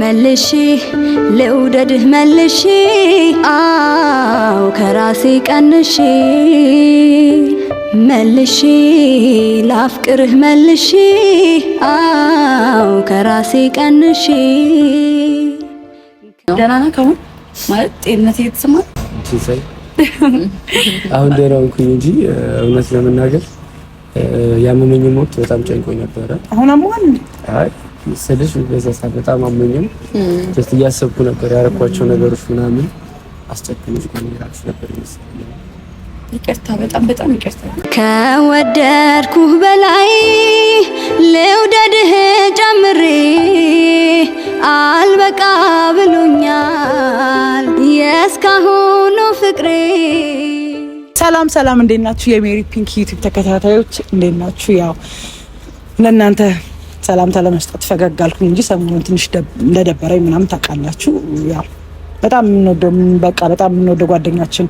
መልሼ ልውደድህ መልሼ አው ከራሴ ቀንሼ መልሼ ላፍቅርህ መልሼ አው ከራሴ ቀንሼ። ደህና ነህ ከሆነ ማለት ጤንነት እየተሰማ አሁን ደህና ሆንኩኝ እንጂ እውነት ለመናገር ያመመኝም ወቅት በጣም ጨንቆኝ ነበረ። አሁን አሟል አይ ስልሽ በዛ በጣም አመኝም ጀስት እያሰብኩ ነበር ያረኳቸው ነገሮች ምናምን አስጨክኖች ኮሚራች ነበር ይመስለኛል። ይቅርታ፣ በጣም በጣም ይቅርታ። ከወደድኩህ በላይ ልውደድህ ጨምሬ አልበቃ ብሎኛል የእስካሁኑ ፍቅሬ። ሰላም ሰላም፣ እንዴት ናችሁ የሜሪ ፒንክ ዩቲዩብ ተከታታዮች? እንዴት ናችሁ? ያው ለእናንተ ሰላምታ ለመስጠት ፈገግ አልኩኝ እንጂ ሰሞኑን ትንሽ እንደደበረኝ ምናምን ታውቃላችሁ። ያው በጣም የምንወደው በቃ በጣም የምንወደው ጓደኛችን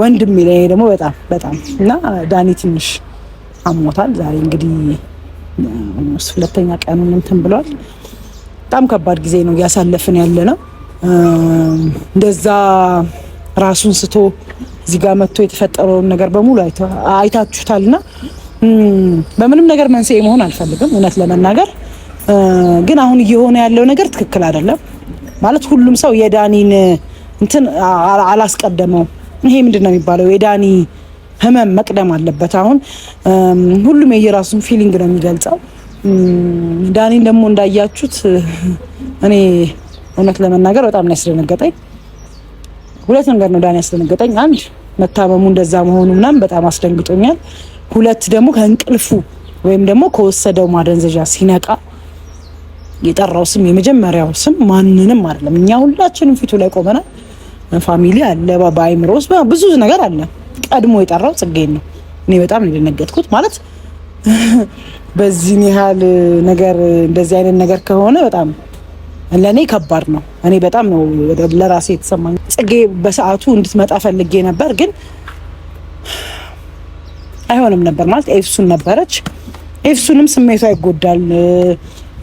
ወንድም ይለኝ ደግሞ በጣም በጣም እና ዳኒ ትንሽ አሞታል። ዛሬ እንግዲህ ሁለተኛ ቀኑን እንትን ብሏል። በጣም ከባድ ጊዜ ነው እያሳለፍን ያለ ነው። እንደዛ ራሱን ስቶ እዚህ ጋር መጥቶ የተፈጠረውን ነገር በሙሉ አይታችሁታል እና በምንም ነገር መንስኤ መሆን አልፈልግም፣ እውነት ለመናገር ግን አሁን እየሆነ ያለው ነገር ትክክል አይደለም። ማለት ሁሉም ሰው የዳኒን እንትን አላስቀደመው። ይሄ ምንድን ነው የሚባለው? የዳኒ ህመም መቅደም አለበት። አሁን ሁሉም የየራሱን ፊሊንግ ነው የሚገልጸው። ዳኒን ደግሞ እንዳያችሁት እኔ እውነት ለመናገር በጣም ነው ያስደነገጠኝ። ሁለት ነገር ነው ዳኒ ያስደነገጠኝ። አንድ መታመሙ እንደዛ መሆኑ ምናምን በጣም አስደንግጦኛል። ሁለት ደግሞ ከእንቅልፉ ወይም ደግሞ ከወሰደው ማደንዘዣ ሲነቃ የጠራው ስም የመጀመሪያው ስም ማንንም አይደለም። እኛ ሁላችንም ፊቱ ላይ ቆመናል። ፋሚሊ አለ፣ በአይምሮ ውስጥ ብዙ ነገር አለ። ቀድሞ የጠራው ጽጌን ነው። እኔ በጣም የደነገጥኩት። ማለት በዚህን ያህል ነገር እንደዚህ አይነት ነገር ከሆነ በጣም ለእኔ ከባድ ነው። እኔ በጣም ነው ለራሴ የተሰማኝ። ጽጌ በሰዓቱ እንድትመጣ ፈልጌ ነበር ግን አይሆንም ነበር ማለት ኤፍሱን ነበረች። ኤፍሱንም ስሜቷ ይጎዳል።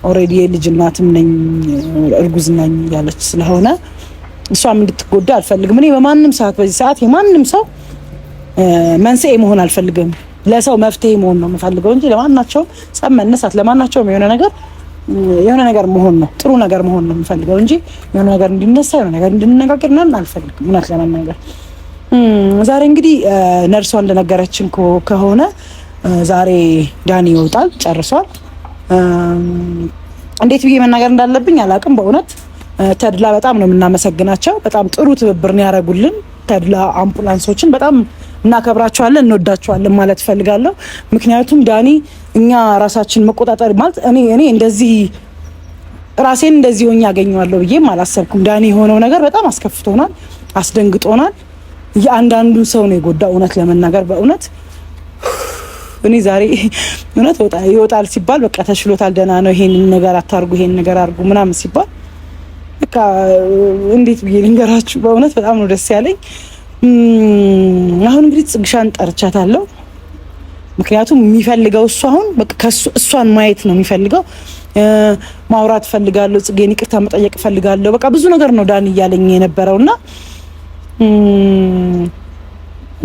ኦልሬዲ የልጅ እናትም ነኝ እርጉዝ ነኝ ያለች ስለሆነ እሷም እንድትጎዳ አልፈልግም። እኔ በማንም ሰዓት በዚህ ሰዓት የማንም ሰው መንስኤ መሆን አልፈልግም። ለሰው መፍትሄ መሆን ነው የምፈልገው እንጂ ለማናቸውም ጸብ መነሳት፣ ለማናቸውም የሆነ ነገር የሆነ ነገር መሆን ነው ጥሩ ነገር መሆን ነው የምፈልገው እንጂ የሆነ ነገር እንዲነሳ የሆነ ነገር እንድንነጋገር ምናምን አልፈልግም እውነት ለመናገር ዛሬ እንግዲህ ነርሷ እንደነገረችን ከሆነ ዛሬ ዳኒ ይወጣል፣ ጨርሷል። እንዴት ብዬ መናገር እንዳለብኝ አላቅም። በእውነት ተድላ በጣም ነው የምናመሰግናቸው። በጣም ጥሩ ትብብርን ያደረጉልን ተድላ አምቡላንሶችን በጣም እናከብራቸዋለን፣ እንወዳቸዋለን ማለት ፈልጋለሁ። ምክንያቱም ዳኒ እኛ ራሳችን መቆጣጠር ማለት እኔ እኔ እንደዚህ ራሴን እንደዚህ ሆኜ ያገኘዋለሁ ብዬም አላሰብኩም። ዳኒ የሆነው ነገር በጣም አስከፍቶናል፣ አስደንግጦናል። የአንዳንዱ ሰው ነው የጎዳ። እውነት ለመናገር በእውነት እኔ ዛሬ እውነት ይወጣል ሲባል በቃ ተችሎታል፣ ደህና ነው፣ ይሄን ነገር አታርጉ፣ ይሄን ነገር አርጉ ምናምን ሲባል በቃ እንዴት ብዬ ልንገራችሁ፣ በእውነት በጣም ነው ደስ ያለኝ። አሁን እንግዲህ ጽግሻን ጠርቻታለሁ። ምክንያቱም የሚፈልገው እሱ አሁን እሷን ማየት ነው የሚፈልገው። ማውራት ፈልጋለሁ፣ ጽጌን ይቅርታ መጠየቅ ፈልጋለሁ። በቃ ብዙ ነገር ነው ዳን እያለኝ የነበረውና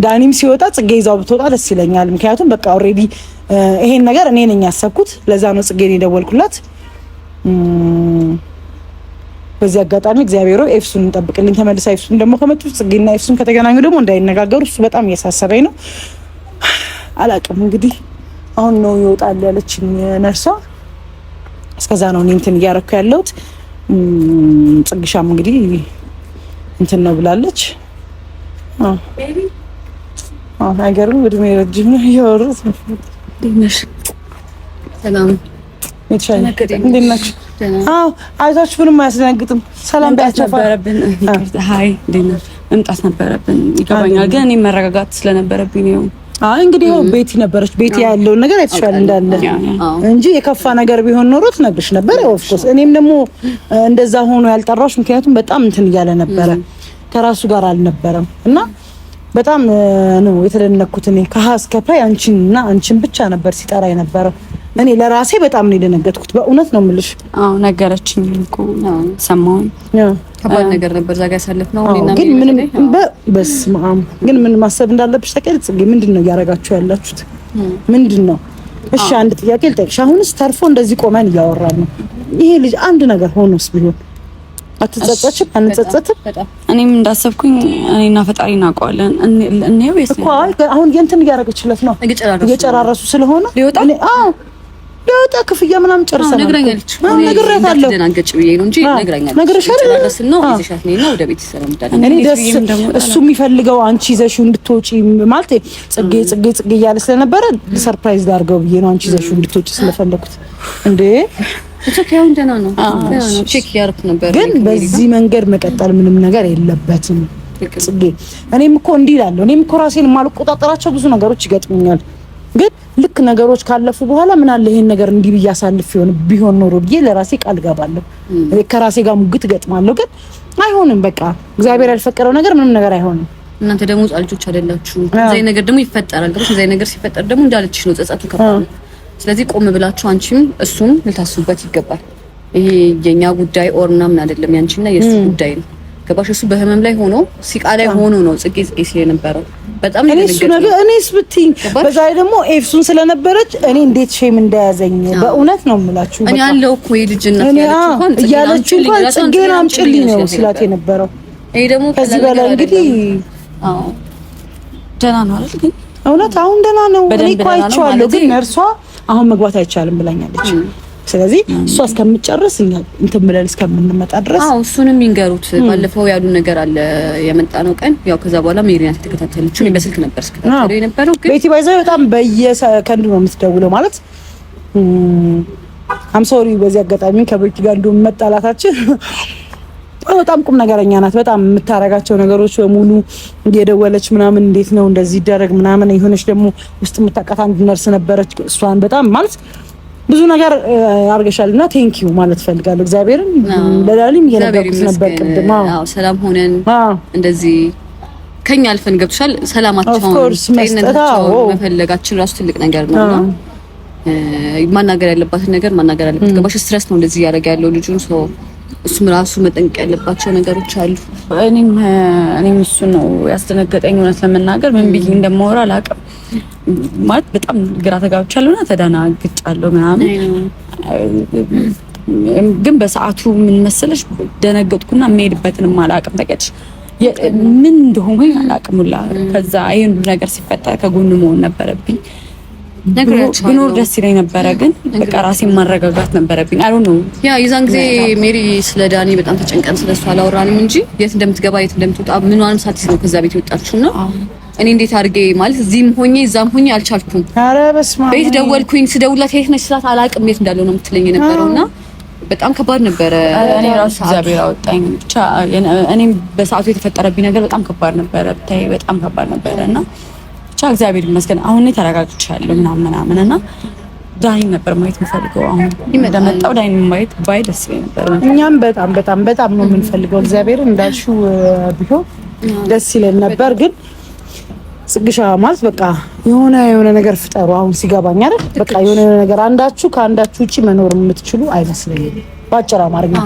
ዳኒም ሲወጣ ጽጌ ይዛው ብትወጣ ደስ ይለኛል። ምክንያቱም በቃ ኦልሬዲ ይሄን ነገር እኔ ነኝ ያሰብኩት። ለዛ ነው ጽጌን የደወልኩላት። በዚህ አጋጣሚ እግዚአብሔር ሆይ ኤፍሱን እንጠብቅልኝ። ተመልሳ ኤፍሱን ደግሞ ከመጡ ጽጌና ኤፍሱን ከተገናኙ ደግሞ እንዳይነጋገሩ እሱ በጣም እያሳሰበኝ ነው። አላቅም እንግዲህ አሁን ነው ይወጣል ያለችኝ ነርሷ። እስከዛ ነው እኔ እንትን እያረኩ ያለሁት። ጽግሻም እንግዲህ እንትን ነው ብላለች። ሀገሩ እድሜ ረጅም ነው። እያወሩት አይዟችሁ፣ ምንም አያስደነግጥም። ሰላም ቢያቸው መምጣት ነበረብን። ይገባኛል፣ ግን እኔ መረጋጋት ስለነበረብኝ ነው። አይ እንግዲህ ያው ቤቲ ነበረች። ቤቲ ያለውን ነገር አይተሻል እንዳለ እንጂ የከፋ ነገር ቢሆን ኖሮ ትነግርሽ ነበር። ኦፍ ኮርስ እኔም ደግሞ እንደዛ ሆኖ ያልጠራሁሽ ምክንያቱም በጣም እንትን እያለ ነበረ ከራሱ ጋር አልነበረም እና በጣም ነው የተደነኩት። እኔ ከሀ እስከ ፐ አንቺን እና አንቺን ብቻ ነበር ሲጠራ የነበረው። እኔ ለራሴ በጣም ነው የደነገጥኩት። በእውነት ነው የምልሽ። አዎ ነገረችኝ እኮ ሰማሁኝ። ከባድ ነገር ነበር ዛጋ ያሳለፍነው። ግን ምንም በስመ አብ ግን ምን ማሰብ እንዳለብሽ ታውቂያለሽ ፅጌ? ምንድን ነው እያደረጋችሁ ያላችሁት? ምንድን ነው? እሺ አንድ ጥያቄ ልጠይቅሽ። አሁንስ ተርፎ እንደዚህ ቆመን እያወራን ነው። ይሄ ልጅ አንድ ነገር ሆኖስ ቢሆን አትጸጸችም? አንጸጸትም። እኔም እንዳሰብኩኝ እኔና ፈጣሪ እናውቀዋለን። እኔው አሁን የእንትን እያደረገችለት ነው እየጨራረሱ ስለሆነ ሊወጣ እንዳወጣ ክፍያ ምናምን ጨርሰናል። ነግረኛለች። ነግረታለሁ እሱ የሚፈልገው አንቺ ይዘሽው እንድትወጪ ማለት ጽጌ ጽጌ ጽጌ እያለ ስለነበረ ሰርፕራይዝ ዳርገው ብዬ ነው አንቺ ይዘሽው እንድትወጪ ስለፈለኩት እንዴ ግን በዚህ መንገድ መቀጠል ምንም ነገር የለበትም ጽጌ። እኔም እኮ እንዲህ እላለሁ። እኔም እኮ ራሴን የማልቆጣጠራቸው ብዙ ነገሮች ይገጥሙኛል። ግን ልክ ነገሮች ካለፉ በኋላ ምን አለ ይሄን ነገር እንዲህ ብዬ አሳልፍ ይሆን ቢሆን ኖሮ ብዬ ለራሴ ቃል ገባለሁ። ከራሴ ጋር ሙግት ገጥማለሁ። ግን አይሆንም፣ በቃ እግዚአብሔር ያልፈቀደው ነገር ምንም ነገር አይሆንም። እናንተ ደግሞ ጻልጆች አይደላችሁ። እዚህ ነገር ደግሞ ይፈጠራል። ግን እዚህ ነገር ሲፈጠር ደግሞ እንዳለችሽ ነው ጸጸቱ ከባድ። ስለዚህ ቆም ብላችሁ አንቺም እሱም ልታስቡበት ይገባል። ይሄ የኛ ጉዳይ ኦር ምናምን አይደለም፣ ያንቺና የሱ ጉዳይ ነው። ገባሽ? እሱ በህመም ላይ ሆኖ ሲቃ ላይ ሆኖ ነው ጽጌ ጽጌ ሲል የነበረው። በጣም እኔ እሱ ነገር እኔስ ብትኝ በዛ ደግሞ ኤፍሱን ስለነበረች እኔ እንዴት ሼም እንደያዘኝ በእውነት ነው የምላችሁ። እኔ አለው እኮ የልጅነት ያለችው እንኳን ጽጌን አምጪልኝ ነው ስላት የነበረው። ይሄ ደግሞ ከዚህ በላይ እንግዲህ አዎ ደህና ነው አይደል? ግን እውነት አሁን ደህና ነው። እኔ እኮ አይቼዋለሁ፣ ግን ነርሷ አሁን መግባት አይቻልም ብላኛለች። ስለዚህ እሷ እስከምጨርስ እንትን ብለን እስከምንመጣ ድረስ አዎ፣ እሱንም ይንገሩት። ባለፈው ያሉ ነገር አለ የመጣ ነው ቀን ያው ከዛ በኋላ ሜሪ ናት እኔ በስልክ ነበር ስከታተለው የነበረው ግን ቤቲ ባይዘው በጣም በየሰከንዱ ነው የምትደውለው ማለት አም ሶሪ በዚህ አጋጣሚ ከብርኪ ጋር እንደውም መጣላታችን በጣም ቁም ነገረኛ ናት። በጣም የምታረጋቸው ነገሮች በሙሉ እየደወለች ምናምን እንዴት ነው እንደዚህ ይደረግ ምናምን የሆነች ደግሞ ውስጥ የምታውቃት አንድ ነርስ ነበረች። እሷን በጣም ማለት ብዙ ነገር አድርገሻል እና ቴንኪዩ ማለት ፈልጋለሁ። እግዚአብሔርን ለዳሊም እየነገርኩት ነበር ቅድም። አዎ ሰላም ሆነን እንደዚህ ከኛ አልፈን ገብቶሻል። ሰላማቸውን ጤንነታቸውን መፈለጋችን ራሱ ትልቅ ነገር ነው። ማናገር ያለባትን ነገር ማናገር አለበት። ገባሽ? ስትረስ ነው እንደዚህ እያደረገ ያለው ልጁን ሰው እሱም ራሱ መጠንቀቅ ያለባቸው ነገሮች አሉ። እኔም እኔም እሱ ነው ያስደነገጠኝ። እውነት ለመናገር ምን ብዬ እንደማወራ አላውቅም። ማለት በጣም ግራ ተጋብቻለሁና ተደናግጫለሁ ምናምን ግን በሰዓቱ ምን መሰለሽ ደነገጥኩና የምሄድበትንም አላውቅም። ተቀጭ ምን እንደሆነ አላውቅም ሁላ ከዛ ይሄን ነገር ሲፈጠር ከጎን መሆን ነበረብኝ። ብኖር ደስ ይለኝ ነበረ፣ ግን በቃ ራሴን ማረጋጋት ነበረብኝ። አይ ነው ያ የዛን ጊዜ ሜሪ ስለ ዳኒ በጣም ተጨንቀን ስለሱ አላወራንም እንጂ የት እንደምትገባ የት እንደምትወጣ ምኗንም ሳትይዝ ነው ከዛ ቤት የወጣችሁ እና እኔ እንዴት አድርጌ ማለት እዚህም ሆኜ እዛም ሆኜ አልቻልኩም። ቤት ደወልኩኝ። ስደውላት የት ነች ስላት አላቅም የት እንዳለው ነው የምትለኝ የነበረው እና በጣም ከባድ ነበረ። እኔ ራሱ እግዚአብሔር አወጣኝ። ብቻ እኔም በሰዓቱ የተፈጠረብኝ ነገር በጣም ከባድ ነበረ። ብታይ በጣም ከባድ ነበረ እና ብቻ እግዚአብሔር ይመስገን አሁን ላይ ተረጋግቻለሁ ምናምን ምናምን እና ዳኒን ነበር ማየት የምፈልገው። አሁን እንደመጣው ዳይን ማየት ባይ ደስ ይለኝ ነበር። እኛም በጣም በጣም በጣም ነው የምንፈልገው። እግዚአብሔር እንዳልሽው ቢሆን ደስ ይለን ነበር ግን ጽግሻ ማለት በቃ የሆነ የሆነ ነገር ፍጠሩ። አሁን ሲገባኝ አይደል በቃ የሆነ የሆነ ነገር አንዳችሁ ከአንዳችሁ ውጪ መኖር የምትችሉ አይመስለኝም በአጭር አማርኛ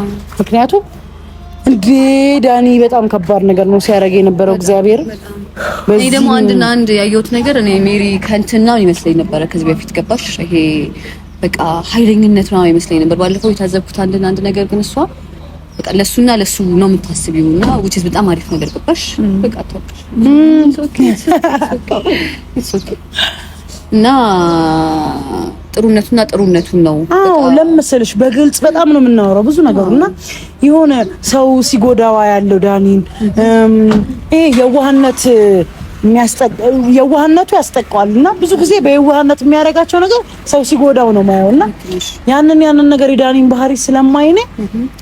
ምክንያቱም እንዴ ዳኒ በጣም ከባድ ነገር ነው ሲያደርግ የነበረው እግዚአብሔር። እኔ ደግሞ አንድና አንድ ያየሁት ነገር እኔ ሜሪ ከንትና ይመስለኝ ነበረ ከዚህ በፊት ገባሽ፣ ይሄ በቃ ኃይለኝነት ነው ይመስለኝ ነበር ባለፈው የታዘብኩት አንድና አንድ ነገር። ግን እሷ በቃ ለሱና ለሱ ነው ይሁንና which is በጣም አሪፍ ነገር ገባሽ። በቃ ተወቅሽ እና ጥሩነቱና ጥሩነቱን ነው። አዎ ለመሰለሽ በግልጽ በጣም ነው የምናወራው ብዙ ነገሩና የሆነ ሰው ሲጎዳዋ ያለው ዳኒን ይሄ የዋህነት የዋህነቱ ያስጠቀዋል እና ብዙ ጊዜ በየዋህነት የሚያደርጋቸው ነገር ሰው ሲጎዳው ነው ማየው እና ያንን ያንን ነገር የዳኒን ባህሪ ስለማይኔ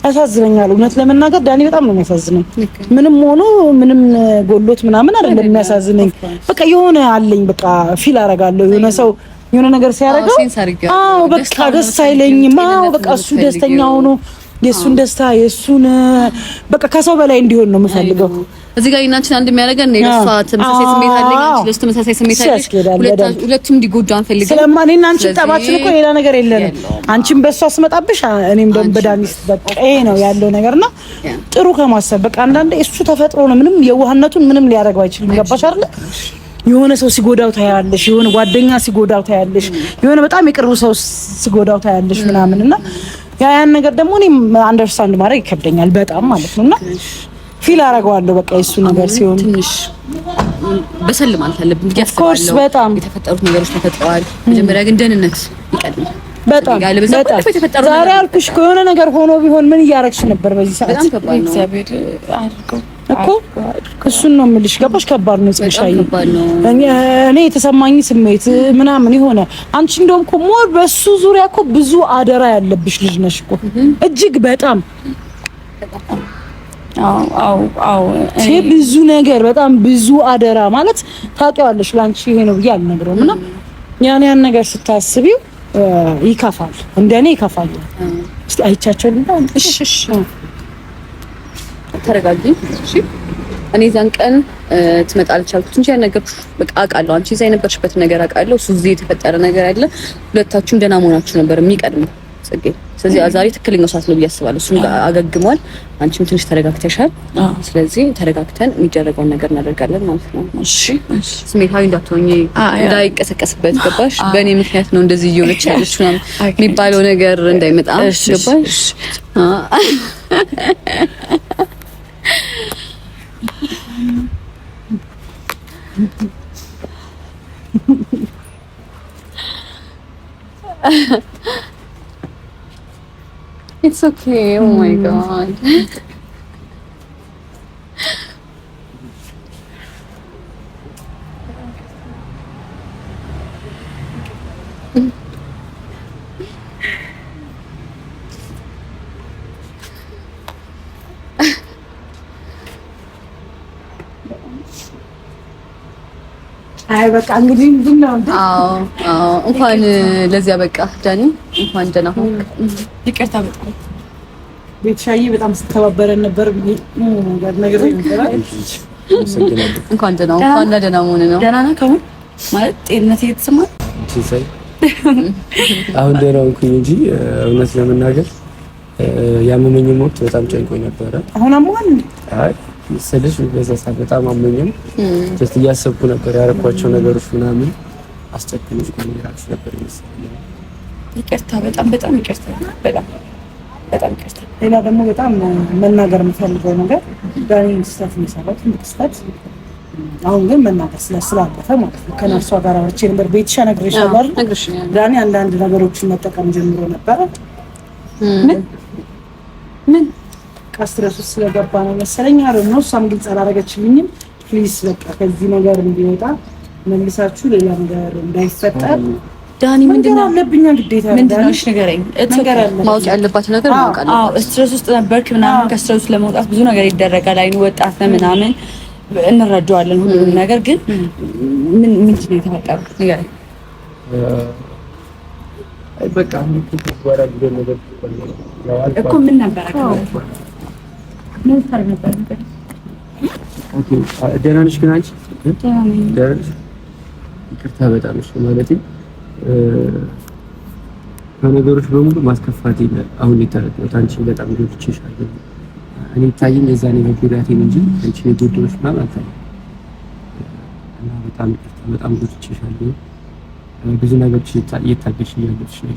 ያሳዝነኛል። እውነት ለመናገር ዳኒ በጣም ነው የሚያሳዝነኝ። ምንም ሆኖ ምንም ጎሎት ምናምን አይደለም የሚያሳዝነኝ። በቃ የሆነ አለኝ በቃ ፊል አረጋለሁ የሆነ ሰው የሆነ ነገር ሲያደርገው አዎ በቃ ደስ አይለኝም። አዎ በቃ እሱ ደስተኛ ሆኖ የእሱን ደስታ የእሱን በቃ ከሰው በላይ እንዲሆን ነው የምፈልገው። እዚህ ጋር እናንችን አንድ የሚያደርገን ነው የእሷ ተመሳሳይ ስሜት አለ፣ ለሱ ተመሳሳይ ስሜት አለ። ሁለቱም እንዲጎዱ አንፈልግም። ስለማ እኔና አንቺ ጠባችን እኮ ሌላ ነገር የለንም። አንቺም በእሷ ስመጣብሽ፣ እኔም በዳኒስ በቃ ይሄ ነው ያለው ነገር ነገርና ጥሩ ከማሰብ በቃ አንዳንዴ እሱ ተፈጥሮ ነው ምንም የዋህነቱን ምንም ሊያደርገው አይችልም። ገባሽ አይደለ? የሆነ ሰው ሲጎዳው ታያለሽ፣ የሆነ ጓደኛ ሲጎዳው ታያለሽ፣ የሆነ በጣም የቅርብ ሰው ሲጎዳው ታያለሽ ምናምን እና ያ ያን ነገር ደግሞ እኔ አንደርስታንድ ማድረግ ይከብደኛል በጣም ማለት ነውና ፊል አደርገዋለሁ። በቃ የሱ ነገር ሲሆን ትንሽ በሰል ማለት አለብን። ኦፍኮርስ በጣም የተፈጠሩት ነገሮች ተፈጥረዋል። መጀመሪያ ግን ደህንነት ይቀድማል። በጣም ዛሬ አልኩሽ ከሆነ ነገር ሆኖ ቢሆን ምን እያረግሽ ነበር በዚህ ሰዓት? እኮ እሱን ነው የምልሽ። ገባሽ? ከባድ ነው ጽንሻዬ። እኔ የተሰማኝ ስሜት ምናምን የሆነ አንቺ እንደውም እኮ ሞር በሱ ዙሪያ እኮ ብዙ አደራ ያለብሽ ልጅ ነሽ እኮ እጅግ በጣም ብዙ ነገር በጣም ብዙ አደራ ማለት ታውቂዋለሽ። ለአንቺ ይሄ ነው ብዬ አልነግረውም እና ያን ያን ነገር ስታስቢው ይከፋል፣ እንደኔ ይከፋል። እስቲ አይቻቸው እሺ ተረጋጊ። እሺ እኔ እዛን ቀን ትመጣለች አልቻልኩት እንጂ ያነገርኩሽ በቃ አውቃለሁ። አንቺ እዛ የነበርሽበት ነገር አውቃለሁ። እሱ እዚህ የተፈጠረ ነገር አለ። ሁለታችሁም ደህና መሆናችሁ ነበር የሚቀድመው ጽጌ። ስለዚህ ዛሬ ትክክለኛው ሰዓት ነው ብዬ አስባለሁ። እሱም አገግሟል፣ አንቺም ትንሽ ተረጋግተሻል። ስለዚህ ተረጋግተን የሚደረገውን ነገር እናደርጋለን ማለት ነው። እሺ ስሜታዊ እንዳትሆኝ እንዳይቀሰቀስበት፣ ገባሽ? በእኔ ምክንያት ነው እንደዚህ እየሆነች ያለች የሚባለው ነገር እንዳይመጣ ገባሽ? it's okay. Oh my hmm. god. አይ በቃ እንግዲህ ምንድን ነው? አዎ አዎ፣ እንኳን ለዚያ በቃ ዳኒ፣ እንኳን ደህና ሆንክ። ይቅርታ በጣም ቤተሻዬ በጣም ስተባበረን ነበር። ነገር እንኳን ደህና እንኳን ለደህና መሆን ነው። ደህና ነህ ከሆነ ማለት ጤንነት እየተሰማህ አሁን ደህና ሆንኩኝ እንጂ እውነት ለመናገር ያመመኝም ወቅት በጣም ጨንቆኝ ነበረ። አሁን አሟል። አይ ስልሽ በዛ በጣም አመኝም ጀስት እያሰብኩ ነበር ያረኳቸው ነገሮች ምናምን አስጨክኖች ኮሚኒካሽ ነበር ይመስላል። ይቅርታ በጣም በጣም ይቅርታ በጣም በጣም ይቅርታ። ሌላ ደግሞ በጣም መናገር የምፈልገው ነገር ዳኒ ስህተት የሚሰራው ትልቅ ስህተት አሁን ግን መናገር ስላለፈ ማለት ነው። ከነርሷ ጋር አውርቼ ነበር። ቤትሻ ነግሬሻለሁ አይደል? ዳኒ አንዳንድ ነገሮችን መጠቀም ጀምሮ ነበረ ምን ምን በቃ ስትረስ ውስጥ ስለገባ ነው መሰለኝ። አረ ነው እሷም ግልጽ አላረገችልኝም። ፕሊስ በቃ ከዚህ ነገር እንዲወጣ መልሳችሁ ሌላ ነገር እንዳይፈጠር ዳኒ ምንድን ነው አለብኛ ግዴታ ምንድን ነው? ንገረኝ። ማወቅ ያለባት ነገር ማወቅ ስትረስ ውስጥ ነበርክ ምናምን፣ ከስትረስ ውስጥ ለመውጣት ብዙ ነገር ይደረጋል። አይኑ ወጣት ነው ምናምን፣ እንረዳዋለን ሁሉም ነገር ግን ምን ምንድን ነው የተፈጠረው? ንገረኝ። በቃ ምን ነበር ምን ደህና ነሽ ግን አንቺ? ደህና ነሽ? ይቅርታ በጣም እሺ። ማለቴ ከነገሮች በሙሉ ማስከፋት የለ አሁን የተረዳሁት አንቺ በጣም ጎድቼሻለሁ። እኔ ይታየኝ የዛኔ መጎዳቴን እንጂ አንቺ የጎዳሁሽ ምናምን አልታየኝም። እና በጣም ይቅርታ በጣም ጎድቼሻለሁ። ብዙ ነገሮች እየታገሽ እያለች ነው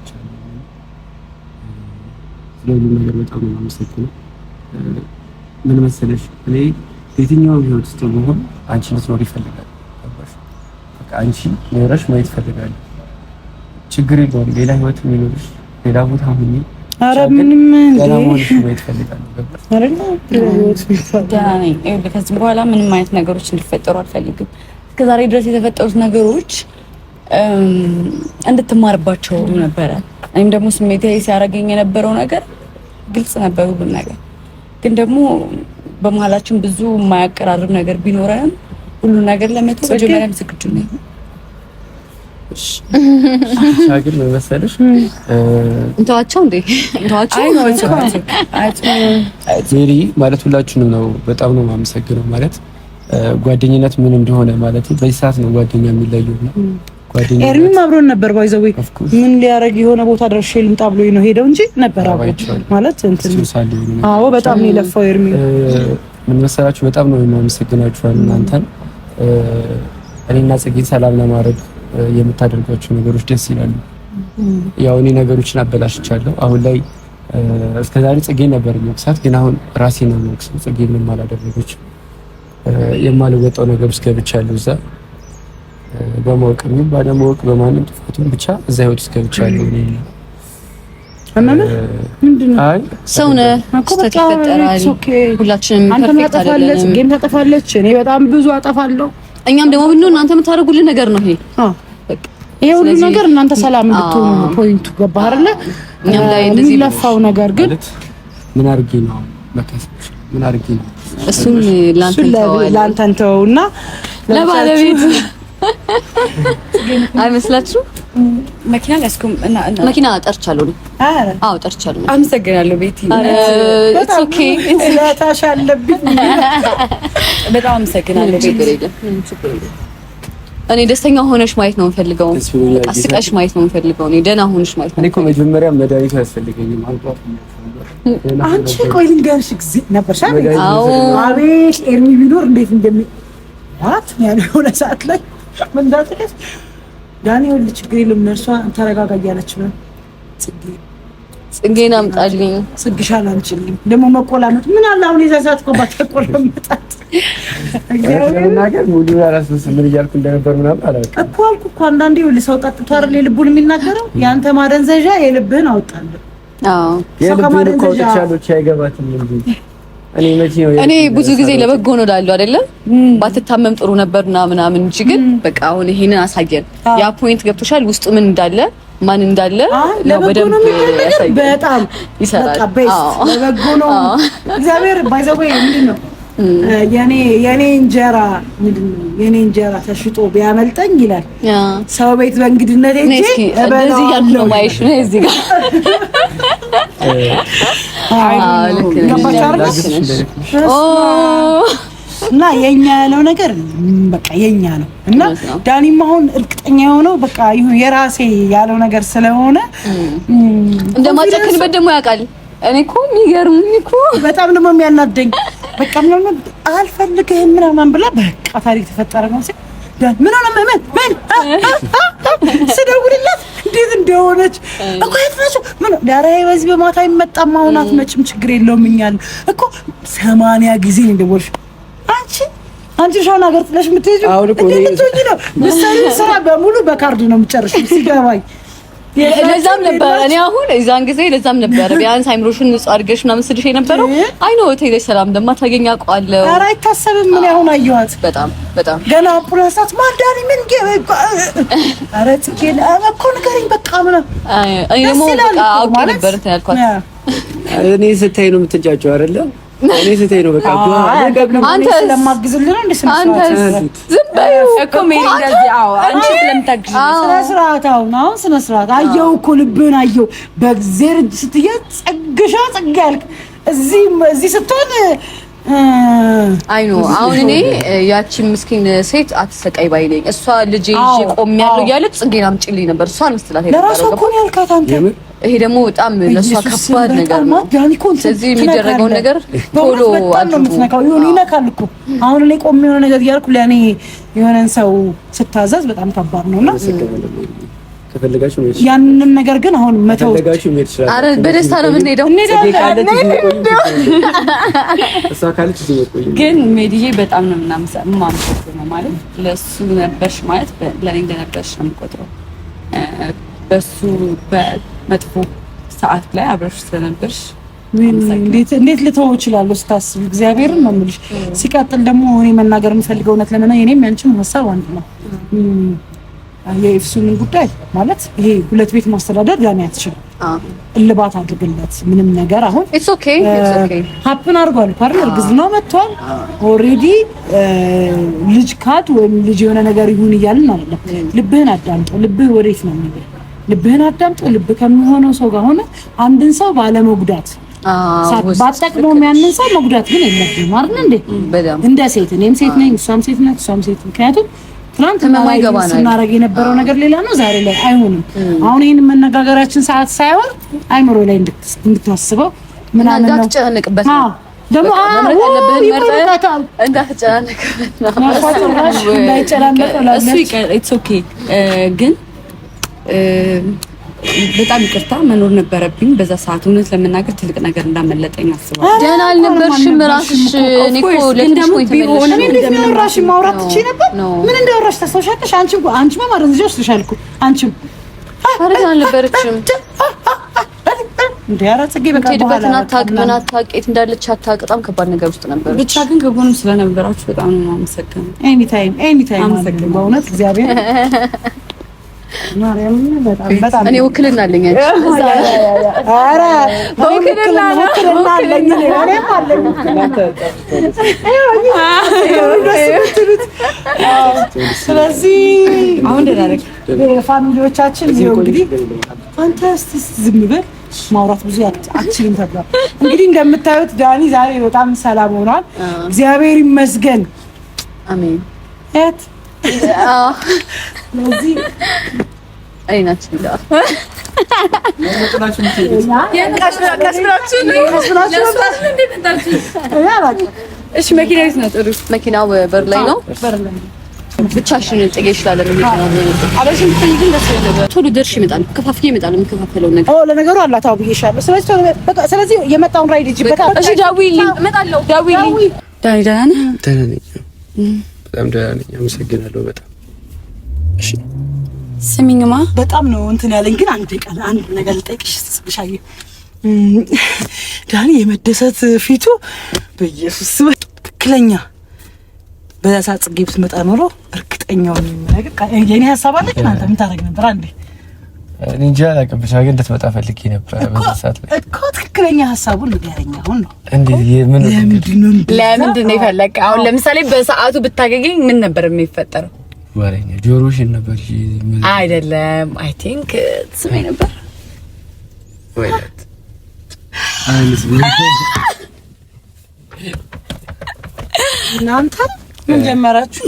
ስለሁሉም ነገር በጣም ነው የማመሰግነው። ምን መሰለሽ፣ እኔ የትኛውም ህይወት ውስጥ መሆን አንቺ ልትኖር ይፈልጋል። በቃ አንቺ ኖረሽ ማየት ይፈልጋል። ችግር የለውም። ሌላ ህይወት የሚኖርሽ ሌላ ቦታ ሁኚ። ኧረ ምንም ከዚህ በኋላ ምንም አይነት ነገሮች እንዲፈጠሩ አልፈልግም። እስከዛሬ ድረስ የተፈጠሩት ነገሮች እንድትማርባቸው ነበረ። እኔም ደግሞ ስሜት ሲያደርገኝ የነበረው ነገር ግልጽ ነበር፣ ሁሉም ነገር ግን ደግሞ በመሀላችን ብዙ የማያቀራርብ ነገር ቢኖረንም ሁሉ ነገር ለመተው መጀመሪያም ዝግጁ ነኝ። ሻግር ምን መሰለሽ፣ እንተዋቸው እንዴ እንተዋቸው። ሜሪ ማለት ሁላችሁንም ነው በጣም ነው የማመሰግነው። ማለት ጓደኝነት ምን እንደሆነ ማለት በዚህ ሰዓት ነው ጓደኛ የሚለየው ነው ኤርሚም አብሮን ነበር። ባይዘዌ ምን ሊያደርግ የሆነ ቦታ ደርሼ ልምጣ ብሎ ነው ሄደው እንጂ ነበር አብሮ ማለት እንትን። አዎ በጣም ነው የለፋው ኤርሚ። ምን መሰላችሁ፣ በጣም ነው የማመሰግናችሁ እናንተን። እኔና ጽጌን ሰላም ለማድረግ የምታደርጓቸው ነገሮች ደስ ይላሉ። ያው እኔ ነገሮችን አበላሽቻለሁ። አሁን ላይ እስከዛሬ ጽጌ ነበር የሚወቅሳት፣ ግን አሁን ራሴ ነው የሚወቅሰው። ጽጌ ምንም አላደረገችም። የማልወጣው ነገር ውስጥ ገብቻለሁ እዛ በማወቅ ምን ባለማወቅ በማንም ጥፋቱን ብቻ እዛ ህይወት ውስጥ ገብቻለሁ። አይ ሰው ነህ ታጠፋለች። እኔ በጣም ብዙ አጠፋለሁ። እኛም ደግሞ ብንሆን እናንተ የምታደርጉልን ነገር ነው ይሄ ይሄ ሁሉ ነገር እናንተ ሰላም እንድትሆኑ ፖይንቱ ገባህ አይደለ? እኛም ላይ እንደዚህ ለፋው ነገር ግን ምን አድርጌ ነው ለከሰች ምን አድርጌ ነው እሱን ላንተ እና ለባለቤት አይመስላችሁ? መኪና ላስኩም እና መኪና ጠርቻለሁ ነው። አዎ ጠርቻለሁ። አመሰግናለሁ ቤቲ። ኢትስ ኦኬ ስለታሽ አለብኝ። በጣም አመሰግናለሁ ቤቲ። እኔ ደስተኛ ሆነሽ ማየት ነው የምፈልገው። አስቀሽ ማየት ነው የምፈልገው። እኔ ደህና ሆነሽ ማየት ነው። እኔ እኮ መጀመሪያ መድኃኒቱ ያስፈልገኝም አልኳት። አንቺ ቆይ ልንገርሽ ጊዜ ነበርሽ አይደል? አዎ። አቤት ኤርሚ ቢኖር እንዴት እንደሚ አት ያለው ሰዓት ላይ እንዳትለት ዳኒ ወልድ ችግር የለም እነርሷ ተረጋጋ እያለች ነው። ጽጌ ጽጌን አምጣልኝ ጽግሻን አምጪልኝ። ደግሞ መቆላመጥ ምን አለ አሁን የዛ ሰዓት እኮ ነገር ሙሉ ራስ ምን እያልኩ እንደነበር ምናምን አላውቅም እኮ አልኩ እኮ። አንዳንዴ ይኸውልህ ሰው ጠጥቶ አይደል የልቡን የሚናገረው። የአንተ ማደንዘዣ የልብህን አውጣለሁ። አዎ የልብህን እኮ አውጥቻለሁ። አይገባትም እንጂ እኔ ብዙ ጊዜ ለበጎ ነው እላለሁ አይደለም ባትታመም ጥሩ ነበር ና ምናምን እንጂ ግን በቃ አሁን ይሄንን አሳየን። ያ ፖይንት ገብቶሻል፣ ውስጡ ምን እንዳለ ማን እንዳለ በደንብ ያሳየን። በጣም ይሰራል፣ በቃ በስት ለበጎ ነው እግዚአብሔር ባይዘው ምንድን ነው የኔ እንጀራ የኔ እንጀራ ተሽጦ ቢያመልጠኝ ይላል ሰው ቤት በእንግድነት እና የኛ ያለው ነገር በቃ የኛ ነው እና ዳኒም አሁን እርግጠኛ የሆነው በቃ የራሴ ያለው ነገር ስለሆነ እንደማጨክንበት ደግሞ ያውቃል። እኔ እኮ የሚገርሙኝ እኮ በጣም ደግሞ የሚያናደኝ በቃ ምናምን አልፈልግህም ምናምን ብላ በቃ ታሪክ ተፈጠረ ነው ሲል ምን ሆነ ምን ምን ስደውልላት እንዴት እንደሆነች እኮ የት ናቸው? ምን ዳራ በዚህ በማታ ይመጣማ ሆናት መጭም ችግር የለውም እኛል እኮ ሰማንያ ጊዜ ነው የደወልሽ አንቺ አንቺ ሻውን ሀገር ጥለሽ የምትሄጂው አሁን እኮ ነው ምሳሌ ስራ በሙሉ በካርድ ነው የምጨርሽ ሲገባኝ ለዛም ነበረ እኔ አሁን እዛን ጊዜ ለዛም ነበረ ቢያንስ አይምሮሽን ንጹህ አድርገሽ ምናምን ስልሽ የነበረው አይ ነው ሆቴል ሰላም ደማ እንደማታገኝ አውቀዋለሁ። ኧረ አይታሰብም። ምን አሁን አየኋት። በጣም በጣም ገና አምቡላንሳት ማዳሪ ምን ኧረ ጽጌን እኮ ንገሪኝ በቃ ምናምን እኔ ደግሞ በቃ አውቄ ነበር እንትን ያልኳት እኔ ስታይ ነው የምትጫጫው አይደለ እኔ ስቴ ነው በቃ አንተ አየው እኮ ልብን አየው። በእግዜር እጅ ስትያዝ ጸግሻ ጸጋ ያልክ እዚህ እዚህ ስትሆን አይ ኖ አሁን እኔ ያቺን ምስኪን ሴት አትሰቃይ ባይ ነኝ። እሷ ልጄ ይዤ ቆሜያለሁ እያለች ጽጌን አምጪልኝ ነበር እሷ ይሄ ደግሞ በጣም ለእሷ ከባድ ነገር ነው። ስለዚህ የሚደረገውን ነገር ቶሎ ይነካል እኮ አሁን ላይ ቆም የሆነ ነገር እያልኩ ለእኔ የሆነን ሰው ስታዘዝ በጣም ከባድ ነው ነውና ያንን ነገር ግን አሁን መተው አረ በደስታ ነው የምንሄደው። ግን ሜድዬ በጣም ነው የምናመሰግነው። ማለት ለሱ ነበርሽ ማለት ለኔ እንደነበርሽ ነው የምቆጥረው በሱ መጥፎ ሰዓት ላይ አብረሽ ስለነበርሽ እንዴት ልተወው እችላለሁ ስታስብ እግዚአብሔርን ነው የምልሽ። ሲቀጥል ደግሞ እኔ መናገር የምፈልገው እውነት ለመና የኔም ያንቺም ሀሳብ አንድ ነው። የኤፍሱንን ጉዳይ ማለት ይሄ ሁለት ቤት ማስተዳደር ዳኒ አትችልም። እልባት አድርግለት ምንም ነገር አሁን ኢትስ ኦኬ ሀፕን አድርጓል። ፓር እርግዝናው መጥቷል። ኦልሬዲ ልጅ ካድ ወይም ልጅ የሆነ ነገር ይሁን እያልን አይደለም። ልብህን አዳምጠው። ልብህ ወዴት ነው የሚሄድ ልብህን አዳምጥ። ልብ ከሚሆነው ሰው ጋር ሆነ አንድን ሰው ባለመጉዳት ባጠቅመው ያንን ሰው መጉዳት ግን የለብንም አይደል እንዴ? እንደ ሴት እኔም ሴት ነኝ፣ እሷም ሴት ነች፣ እሷም ሴት ምክንያቱም ትናንት ስናደርግ የነበረው ነገር ሌላ ነው፣ ዛሬ ላይ አይሆንም። አሁን ይህን መነጋገራችን ሰዓት ሳይሆን አይምሮ ላይ እንድታስበው ምናምን ነው ጨንቅበት ነው ደግሞ እንዳትጨናነቅበት ነው እሱ ግን በጣም ይቅርታ መኖር ነበረብኝ በዛ ሰዓት። እውነት ለመናገር ትልቅ ነገር እንዳመለጠኝ አስባለሁ። ደህና አልነበርሽም እራስሽ። እኔ እኮ ለትንሽ ቆይቶ ተመለስሽ። ማውራት ትችይ ነበር። ምን እንዳወራሽ ታስታውሻለሽ? አንቺም አንቺማ ማረን እዚህ ወስድሻል እኮ አንቺም አረጋ አልነበረችም እንዴ? ኧረ ፅጌ በቃ በኋላ አታውቅ ምን አታውቅ የት እንዳለች አታውቅ። በጣም ከባድ ነገር ውስጥ ነበር። ብቻ ግን ከጎኑ ስለነበራችሁ በጣም ነው የማመሰግነው። ኤኒ ታይም ኤኒ ታይም። በእውነት እግዚአብሔር እኔ ውክልና አለኝ። ኧረ በውክልና አለኝ። ስለዚህ ፋሚሊዎቻችን እንግዲህ አንተ እስኪ ዝም በል ማውራት ብዙ አችልም ተብሏል። እንግዲህ እንደምታዩት ዳኒ ዛሬ በጣም ሰላም ሆኗል። እግዚአብሔር ይመስገን። አሜን። እሺ፣ መኪና የት ነው? ጥሩ መኪናው በር ላይ ነው። ብቻሽን ጥጌ ቶሎ ደርሽ ይመጣል። ከፋፍዬ ይመጣል። የምከፋፈለው ነገር ኦ ለነገሩ አላታው ብዬሻለሁ። ስለዚህ ስለዚህ የመጣውን ራይድ እጅ በቃ እሺ። ዳዊልኝ፣ እመጣለሁ። ዳዊልኝ። ደህና ነኝ። በጣም ደህና ነኝ። አመሰግናለሁ በጣም እሺ። ስሚኝማ በጣም ነው እንትን ያለኝ፣ ግን አንድ ቃል አንድ ነገር ልጠይቅሽ ስብሻዬ። ዳኒ የመደሰት ፊቱ በኢየሱስ ትክክለኛ በዛ ሰዓት ጽጌ ብትመጣ ኖሮ እርግጠኛውን የምነግር የኔ ሀሳብ አለ። እናንተ ምን ታደርግ ነበር አንዴ እንጂ አላውቅም። ብቻ ግን እንድትመጣ ፈልጌ ነበር። በዛ ሰዓት ላይ እኮ ትክክለኛ ሀሳቡን ንገረኝ። አሁን ነው እንዴ? ምን ለምንድን ነው የፈለግህ? አሁን ለምሳሌ በሰዓቱ ብታገኘኝ ምን ነበር የሚፈጠረው? ወሬኛ ጆሮሽን ነበር አይደለም? አይ ቲንክ ስሜ ነበር ወይለት እናንተ ምን ጀመራችሁ?